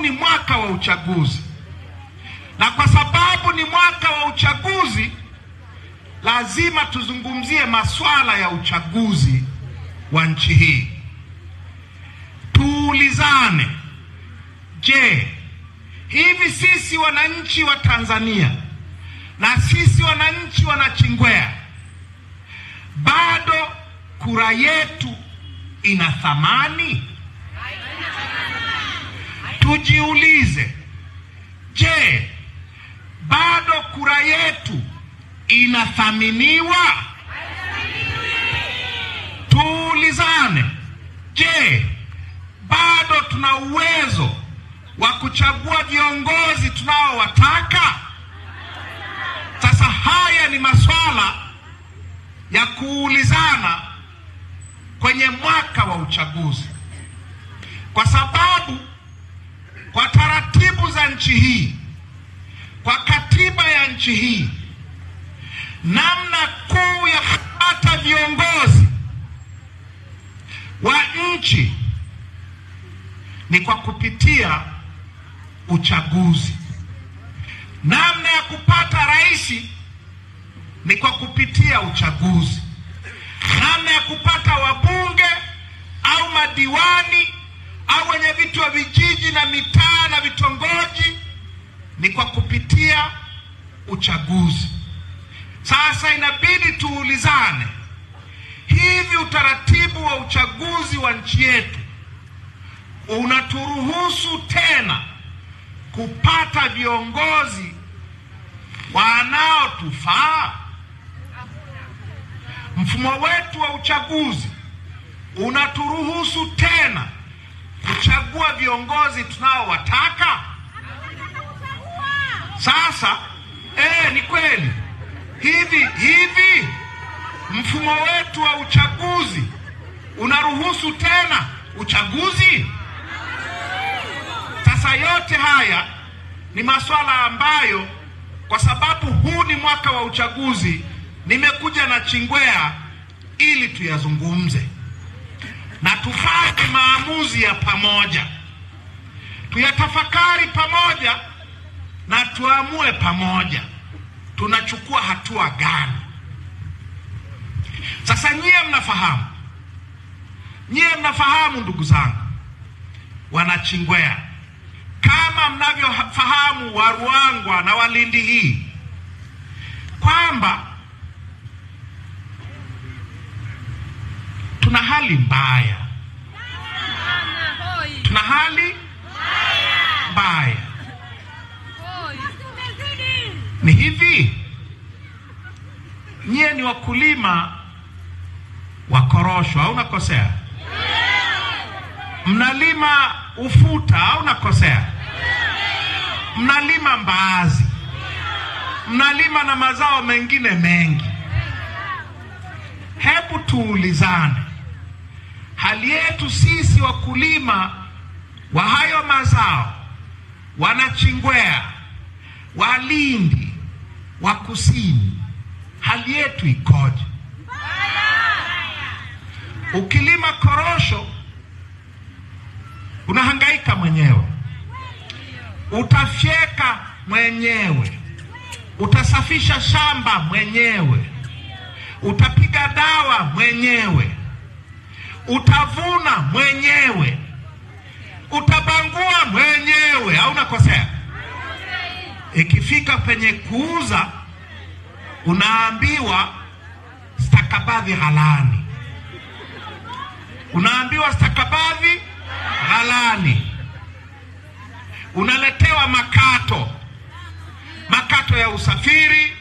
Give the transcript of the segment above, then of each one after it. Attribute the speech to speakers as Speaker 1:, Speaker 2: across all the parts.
Speaker 1: ni mwaka wa uchaguzi, na kwa sababu ni mwaka wa uchaguzi, lazima tuzungumzie masuala ya uchaguzi wa nchi hii. Tuulizane, je, hivi sisi wananchi wa Tanzania na sisi wananchi Wanachingwea bado kura yetu ina thamani? tujiulize, je, bado kura yetu inathaminiwa? Tuulizane, je, bado tuna uwezo wa kuchagua viongozi tunaowataka? Sasa haya ni maswala ya kuulizana kwenye mwaka wa uchaguzi, kwa sababu kuongoza nchi hii, kwa katiba ya nchi hii, namna kuu ya hata viongozi wa nchi ni kwa kupitia uchaguzi. Namna ya kupata rais ni kwa kupitia uchaguzi. Namna ya kupata wabunge au madiwani au wenye vitu wa vijiji na mitaa na vitongoji ni kwa kupitia uchaguzi. Sasa inabidi tuulizane, hivi utaratibu wa uchaguzi wa nchi yetu unaturuhusu tena kupata viongozi wanaotufaa? Mfumo wetu wa uchaguzi unaturuhusu tena kuchagua viongozi tunaowataka. Sasa eh, ni kweli hivi hivi, mfumo wetu wa uchaguzi unaruhusu tena uchaguzi? Sasa yote haya ni masuala ambayo, kwa sababu huu ni mwaka wa uchaguzi, nimekuja na Chingwea ili tuyazungumze na tufanye maamuzi ya pamoja, tuyatafakari pamoja na tuamue pamoja, tunachukua hatua gani? Sasa nyie mnafahamu, nyie mnafahamu ndugu zangu Wanachingwea, kama mnavyofahamu Waruangwa na Walindi hii kwamba tuna hali mbaya, tuna hali mbaya. Ni hivi, nyie ni wakulima wa korosho au nakosea? Mnalima ufuta au nakosea? Mnalima mbaazi, mnalima na mazao mengine mengi. Hebu tuulizane, Hali yetu sisi wakulima wa hayo mazao, Wanachingwea, Walindi, wa Kusini, hali yetu ikoje? Ukilima korosho unahangaika mwenyewe, utafyeka mwenyewe, utasafisha shamba mwenyewe, utapiga dawa mwenyewe utavuna mwenyewe, utabangua mwenyewe, au nakosea? Ikifika penye kuuza, unaambiwa stakabadhi ghalani, unaambiwa stakabadhi ghalani, unaletewa makato, makato ya usafiri.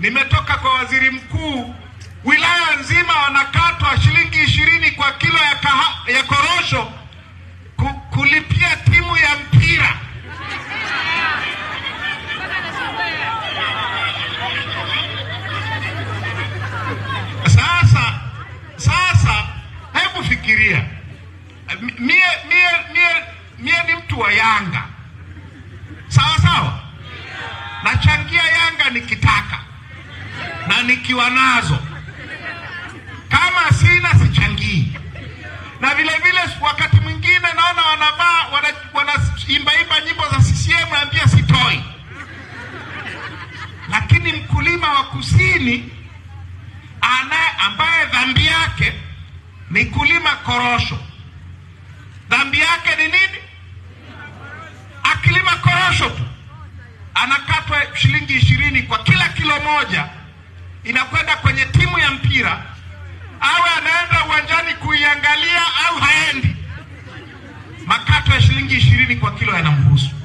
Speaker 1: Nimetoka kwa waziri mkuu wilaya nzima wanakatwa shilingi ishirini kwa kilo ya, kaha, ya korosho ku, kulipia timu ya mpira. Sasa sasa, hebu fikiria mie, mie, mie, mie ni mtu wa Yanga sawa sawa, nachangia Yanga nikitaka na nikiwa nazo kama sina sichangii. Na vile vile wakati mwingine naona wanavaa wanaimbaimba wana nyimbo za CCM naambia sitoi, lakini mkulima wa kusini anaye ambaye dhambi yake ni kulima korosho, dhambi yake ni nini? Akilima korosho tu anakatwa shilingi ishirini kwa kila kilo moja, inakwenda kwenye timu ya mpira awe anaenda uwanjani kuiangalia au haendi. Makato ya shilingi ishirini kwa kilo yanamhusu.